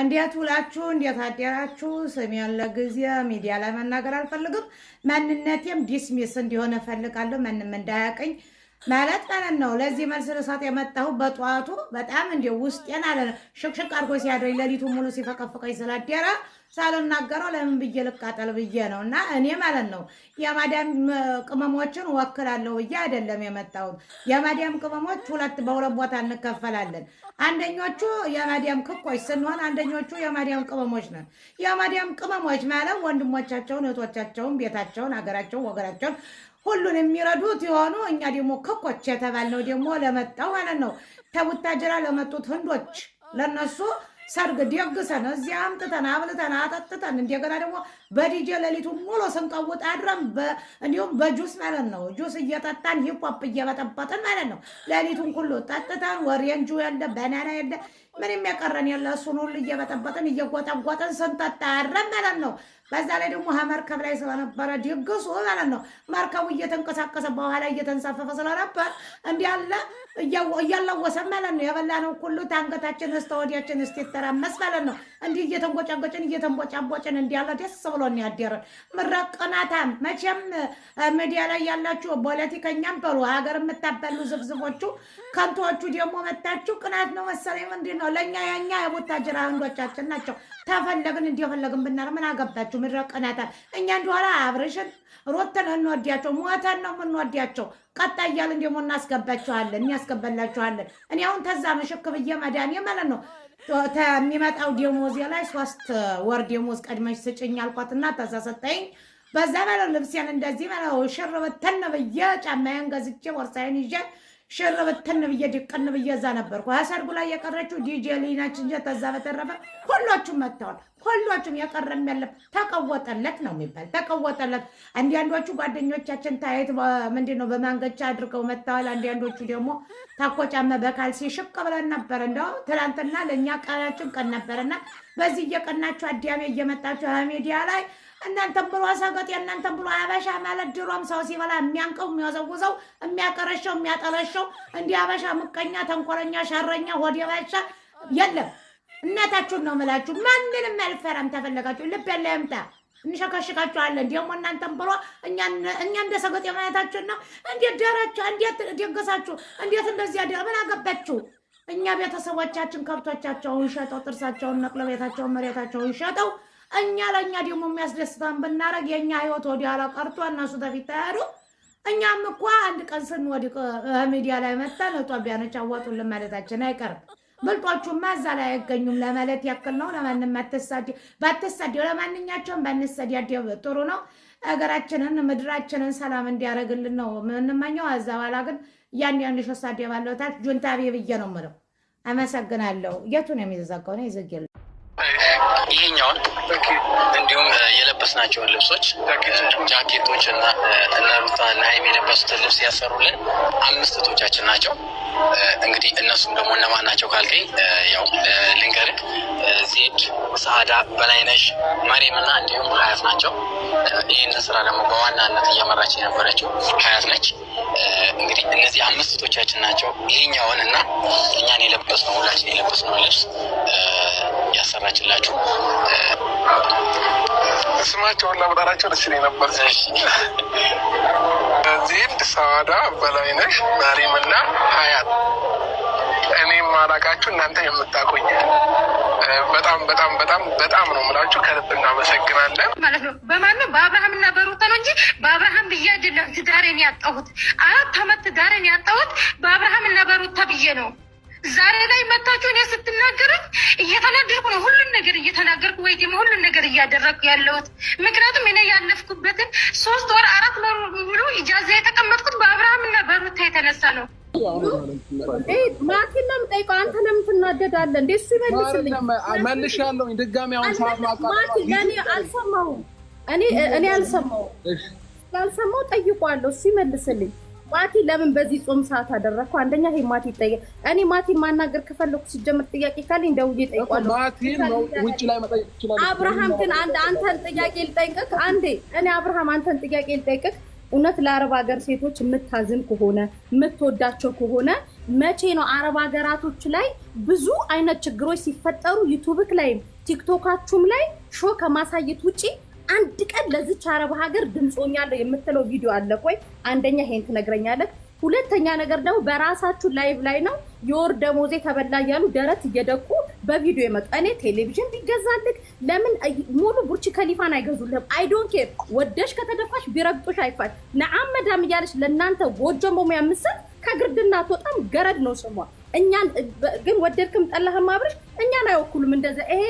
እንዴት ውላችሁ እንዴት አደራችሁ? ስም ያለ ጊዜ ሚዲያ ላይ መናገር አልፈልግም። ማንነቴም ዲስሚስ እንዲሆነ እፈልጋለሁ። ማንም እንዳያቀኝ ማለት ማለት ነው። ለዚህ መልስ ርሳት የመጣሁ በጠዋቱ በጣም እንዲ ውስጤን አለ ሽቅሽቅ አድርጎ ሲያድረኝ ለሊቱ ሙሉ ሲፈቀፍቀኝ ስላደረ ሳልናገረው ለምን ብዬ ልቃጠል ብዬ ነው። እና እኔ ማለት ነው የማዳም ቅመሞችን ወክላለሁ ብዬ አይደለም የመጣሁት። የማዳም ቅመሞች ሁለት በሁለት ቦታ እንከፈላለን። አንደኞቹ የማዳም ክኮች ስንሆን፣ አንደኞቹ የማዳም ቅመሞች ነን። የማዳም ቅመሞች ማለት ወንድሞቻቸውን፣ እህቶቻቸውን፣ ቤታቸውን፣ ሀገራቸውን፣ ወገራቸውን ሁሉን የሚረዱት የሆኑ እኛ ደግሞ ከኮች የተባልነው ደግሞ ለመጣው ማለት ነው ተቡታጅራ ለመጡት ህንዶች ለነሱ ሰርግ ደግሰን እዚያ አምጥተን አብልተን አጠጥተን እንደገና ደግሞ በዲጄ ሌሊቱ ሙሉ ስንቀውጥ አድረን እንዲሁም በጁስ ማለት ነው ጁስ እየጠጣን ሂፖፕ እየበጠበጥን ማለት ነው ሌሊቱን ሁሉ ጠጥተን ወሬንጁ የለ በናና የለ ምንም የቀረን የለ እሱን ሁሉ እየበጠበጥን እየጎጠጎጥን ስንጠጣ አድረን ማለት ነው በዛ ላይ ደግሞ መርከብ ላይ ስለነበረ ድግሱ ማለት ነው። መርከቡ እየተንቀሳቀሰ በኋላ እየተንሳፈፈ ስለነበር እንዲያለ እያለወሰ ማለት ነው። የበላነው ሁሉ ታንገታችን እስተወዲያችን ወዲያችን እስኪተራመስ ማለት ነው። እንዲህ እየተንቆጫንቆጭን እየተንቦጫንቦጭን እንዲያለ ደስ ብሎ ያደረን ምረቅናታም። መቼም ሚዲያ ላይ ያላችሁ ፖለቲከኛም በሉ ሀገር የምታበሉ ዝብዝቦቹ ከንቶቹ ደግሞ መታችሁ ቅናት ነው መሰለኝ ምንድን ነው ለእኛ የኛ ጅራ አንዶቻችን ናቸው። ተፈለግን እንዲፈለግን ብናር ምን አገባችሁ? ሁለቱም ይረቀናታል። እኛ እንደኋላ አብረሽን ሮተን እንወዳቸው ሞተን ነው የምንወዳቸው። ቀጣ እያልን ደግሞ እናስገባችኋለን፣ እናስገባላችኋለን። እኔ አሁን ተዛ መሸክ ብዬ መዳን ማለት ነው የሚመጣው ደሞዝ ላይ ሶስት ወር ደሞዝ ቀድመሽ ስጭኝ አልኳትና ተዛ ሰጠኝ። በዛ በለው ልብሴን እንደዚህ ሽር ብትን ብዬ ጫማዬን ገዝቼ ወርሳዬን ይዤ ሽርብትን ብዬ ድቅን ብዬ እዛ ነበርኩ። ሰርጉ ላይ የቀረችው ዲጄ ሊናችን እንጂ ተዛ በተረፈ ሁላችሁም መጥተዋል። ሁላችሁም የቀረም ያለም ተቀወጠለት ነው የሚባል ተቀወጠለት። አንዳንዶቹ ጓደኞቻችን ታየት ምንድን ነው በማንገቻ አድርገው መጥተዋል። አንዳንዶቹ ደግሞ ታኮጫመ በካልሲ ሽቅ ብለን ነበር። እንደው ትናንትና ለእኛ ቀናችን ቀን ነበርና በዚህ እየቀናችሁ አዲያሜ እየመጣችሁ ሚዲያ ላይ እናንተም ብሎ ሰገጤ፣ እናንተም ብሎ አበሻ ማለት ድሮም ሰው ሲበላ የሚያንቀው የሚያዘውዘው፣ የሚያቀረሸው፣ የሚያጠለሸው እንዲህ አበሻ ምቀኛ፣ ተንኮለኛ፣ ሸረኛ፣ ሆድ ባሻ የለም። እናታችሁን ነው የምላችሁ። ማንንም አልፈራም። ተፈለጋችሁ ልብ ያለ ያምጣ እንሸከሽካችኋለን። ደግሞ እናንተም ብሎ እኛ እንደ ሰገጤ ማለታችሁን ነው። እንዴት ደራችሁ? እንዴት ደገሳችሁ? እንዴት እንደዚህ ያደ ምን አገባችሁ? እኛ ቤተሰቦቻችን ከብቶቻቸውን ሸጠው ጥርሳቸውን ነቅለው ቤታቸውን መሬታቸውን ሸጠው እኛ ለእኛ ደግሞ የሚያስደስተን ብናረግ የእኛ ህይወት ወዲያላ ቀርቶ እነሱ ተፊት ተያሉ። እኛም እኮ አንድ ቀን ስንወድቅ ሚዲያ ላይ መተን ኢትዮጵያኖች አዋጡልን ማለታችን አይቀርም። ብልጦቹማ እዛ ላይ አይገኙም ለማለት ያክል ነው። ለማንም ባትሳደው፣ ለማንኛቸውም ባንሰዳደብ ጥሩ ነው። ሀገራችንን ምድራችንን ሰላም እንዲያደርግልን ነው የምንመኘው። እዛ በኋላ ግን ያን ያን ሾሳዴ ባለታች ጁንታ ብዬ ነው የምለው። አመሰግናለሁ። የቱን የሚዘጋው ነው ይዘግል ይሄኛውን እንዲሁም የለበስናቸውን ልብሶች ጃኬቶች እና እነ ሩታ እና ሀይሚ የለበሱትን ልብስ ያሰሩልን አምስት እህቶቻችን ናቸው። እንግዲህ እነሱም ደግሞ እነማን ናቸው ካልከኝ፣ ያው ልንገርህ፣ ዜድ ሰአዳ፣ በላይነሽ፣ መሬም እና እንዲሁም ሀያት ናቸው። ይህንን ስራ ደግሞ በዋናነት እየመራች የነበረችው ሀያት ነች። እንግዲህ እነዚህ አምስት እህቶቻችን ናቸው። ይሄኛውን እና እኛን የለበስነው ሁላችን የለበስነው ልብስ ያሰራችላችሁ። ስማቸውን ላምጣላቸው ደስ ይለኝ ነበር። ዚህድ ሰዋዳ በላይነሽ መሪምና ሀያት እኔም ማላቃችሁ እናንተ የምታቆኝ በጣም በጣም በጣም በጣም ነው ምላችሁ። ከልብ እናመሰግናለን ማለት ነው። በማን ነው? በአብርሃም እና በሩታ ነው እንጂ በአብርሃም ብዬ አይደለም ትዳሬን ያጣሁት። አራት አመት ትዳሬን ያጣሁት በአብርሃም እና በሩታ ብዬ ነው። ዛሬ ላይ መታችሁ እኔ ወይ ደግሞ ሁሉን ነገር እያደረግኩ ያለሁት ምክንያቱም እኔ ያለፍኩበትን ሶስት ወር አራት ወር ሙሉ ኢጃዛ የተቀመጥኩት በአብርሃም እና በሩታ የተነሳ ነው። ማቲን ነው የምጠይቀው። አንተ ለምን ትናደዳለህ እንዴ? እሱ ይመልስልኝ። መልሻለሁ ድጋሚ። አሁን ሰዓት ማቃጠል ለእኔ አልሰማሁም። እኔ እኔ አልሰማሁም። ስላልሰማሁ ጠይቋለሁ። እሱ ይመልስልኝ። ማቲ ለምን በዚህ ጾም ሰዓት አደረግኩ? አንደኛ ይሄ ማቲ ይጠየቅ። እኔ ማቲ ማናገር ከፈለኩ ሲጀምር ጥያቄ ካለኝ ደውዬ እጠይቀዋለሁ። አብርሃም ግን አንተን ጥያቄ ልጠይቅክ አንዴ እኔ አብርሃም አንተን ጥያቄ ልጠይቅክ። እውነት ለአረብ ሀገር ሴቶች የምታዝን ከሆነ የምትወዳቸው ከሆነ መቼ ነው አረብ ሀገራቶች ላይ ብዙ አይነት ችግሮች ሲፈጠሩ ዩቱብክ ላይም ቲክቶካችሁም ላይ ሾ ከማሳየት ውጪ አንድ ቀን ለዚች አረብ ሀገር ድምፆኛለሁ የምትለው ቪዲዮ አለ ወይ? አንደኛ ይሄን ትነግረኛለህ። ሁለተኛ ነገር ደግሞ በራሳችሁ ላይቭ ላይ ነው የወር ደሞዜ ተበላ እያሉ ደረት እየደቁ በቪዲዮ የመጠኔ ቴሌቪዥን ቢገዛልክ ለምን ሙሉ ቡርች ከሊፋን አይገዙልህም? አይዶን ኬር ወደሽ ከተደፋሽ ቢረግጦሽ አይፋል ነአመዳም እያለች ለእናንተ ጎጆ በሙያ ምስል ከግርድና አትወጣም። ገረድ ነው ስሟ። እኛን ግን ወደድክም ጠላህም አብርሽ እኛን አይወኩሉም። እንደዛ ይሄ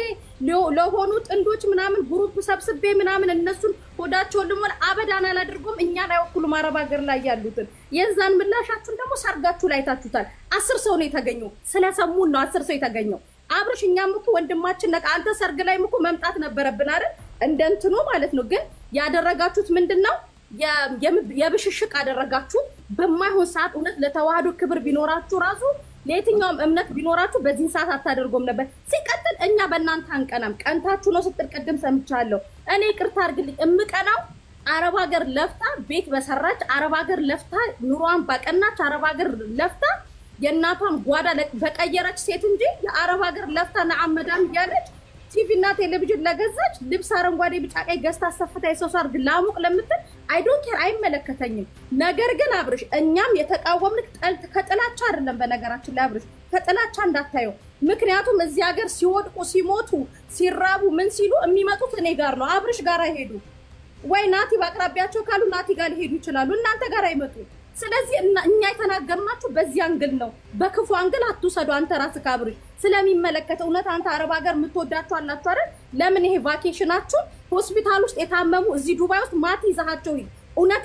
ለሆኑ ጥንዶች ምናምን ጉሩፕ ሰብስቤ ምናምን እነሱን ሆዳቸውን ልሞል አበዳን አላድርጎም። እኛን አይወኩሉም። አረብ ሀገር ላይ ያሉትን የዛን ምላሻችሁን ደግሞ ሰርጋችሁ ላይ ታችሁታል። አስር ሰው ነው የተገኘው። ስለሰሙን ነው አስር ሰው የተገኘው። አብርሽ እኛም እኮ ወንድማችን ነቃ። አንተ ሰርግ ላይ እኮ መምጣት ነበረብን አይደል? እንደንትኑ ማለት ነው። ግን ያደረጋችሁት ምንድን ነው? የብሽሽቅ አደረጋችሁ። በማይሆን ሰዓት እውነት ለተዋህዶ ክብር ቢኖራችሁ ራሱ ለየትኛውም እምነት ቢኖራችሁ በዚህን ሰዓት አታደርጎም ነበር። ሲቀጥል እኛ በእናንተ አንቀናም፣ ቀንታችሁ ነው ስትል ቅድም ሰምቻለሁ። እኔ ቅርታ አድርግልኝ፣ እምቀናው አረብ ሀገር ለፍታ ቤት በሰራች አረብ ሀገር ለፍታ ኑሯን ባቀናች አረብ ሀገር ለፍታ የእናቷን ጓዳ በቀየረች ሴት እንጂ የአረብ ሀገር ለፍታ ነአመዳም እያለች ቲቪ እና ቴሌቪዥን ለገዛች ልብስ አረንጓዴ፣ ቢጫ፣ ቀይ ገዝታ አሰፍታ የሰው ሳር ላሙቅ ለምትል አይዶን ኬር አይመለከተኝም። ነገር ግን አብርሽ እኛም የተቃወምንክ ከጥላቻ አይደለም። በነገራችን ላይ አብርሽ ከጥላቻ እንዳታየው። ምክንያቱም እዚህ ሀገር ሲወድቁ ሲሞቱ ሲራቡ ምን ሲሉ የሚመጡት እኔ ጋር ነው፣ አብርሽ ጋር አይሄዱ ወይ ናቲ በአቅራቢያቸው ካሉ ናቲ ጋር ሊሄዱ ይችላሉ። እናንተ ጋር አይመጡ ስለዚህ እኛ የተናገርናችሁ በዚህ አንግል ነው። በክፉ አንግል አትውሰዱ። አንተ ራስ ካብሪ ስለሚመለከተ እውነት አንተ አረብ ሀገር የምትወዳችሁ አላችሁ አይደል? ለምን ይሄ ቫኬሽናችሁን ሆስፒታል ውስጥ የታመሙ እዚህ ዱባይ ውስጥ ማት ይዛሃቸው እውነት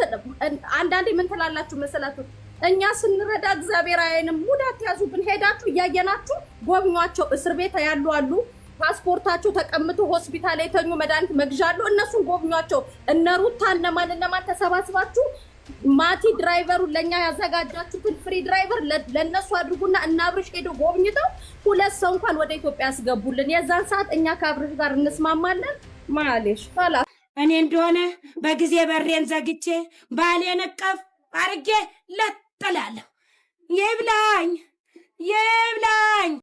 አንዳንዴ ምን ትላላችሁ መሰላችሁ? እኛ ስንረዳ እግዚአብሔር አይንም ሙዳት ያዙብን። ሄዳችሁ እያየናችሁ ጎብኟቸው። እስር ቤት ያሉ አሉ ፓስፖርታቸው ተቀምጦ ሆስፒታል የተኙ መድኃኒት መግዣ አሉ። እነሱን ጎብኟቸው። እነ ሩታ እነማን እነማን ተሰባስባችሁ ማቲ ድራይቨሩ ለእኛ ያዘጋጃችሁትን ፍሪ ድራይቨር ለእነሱ አድርጉና እና አብርሽ ሄዶ ጎብኝተው ሁለት ሰው እንኳን ወደ ኢትዮጵያ ያስገቡልን። የዛን ሰዓት እኛ ከአብርሽ ጋር እንስማማለን። ማሌሽ ላ እኔ እንደሆነ በጊዜ በሬን ዘግቼ ባሌን እቀፍ አርጌ ለጥላለሁ። ይብላኝ ይብላኝ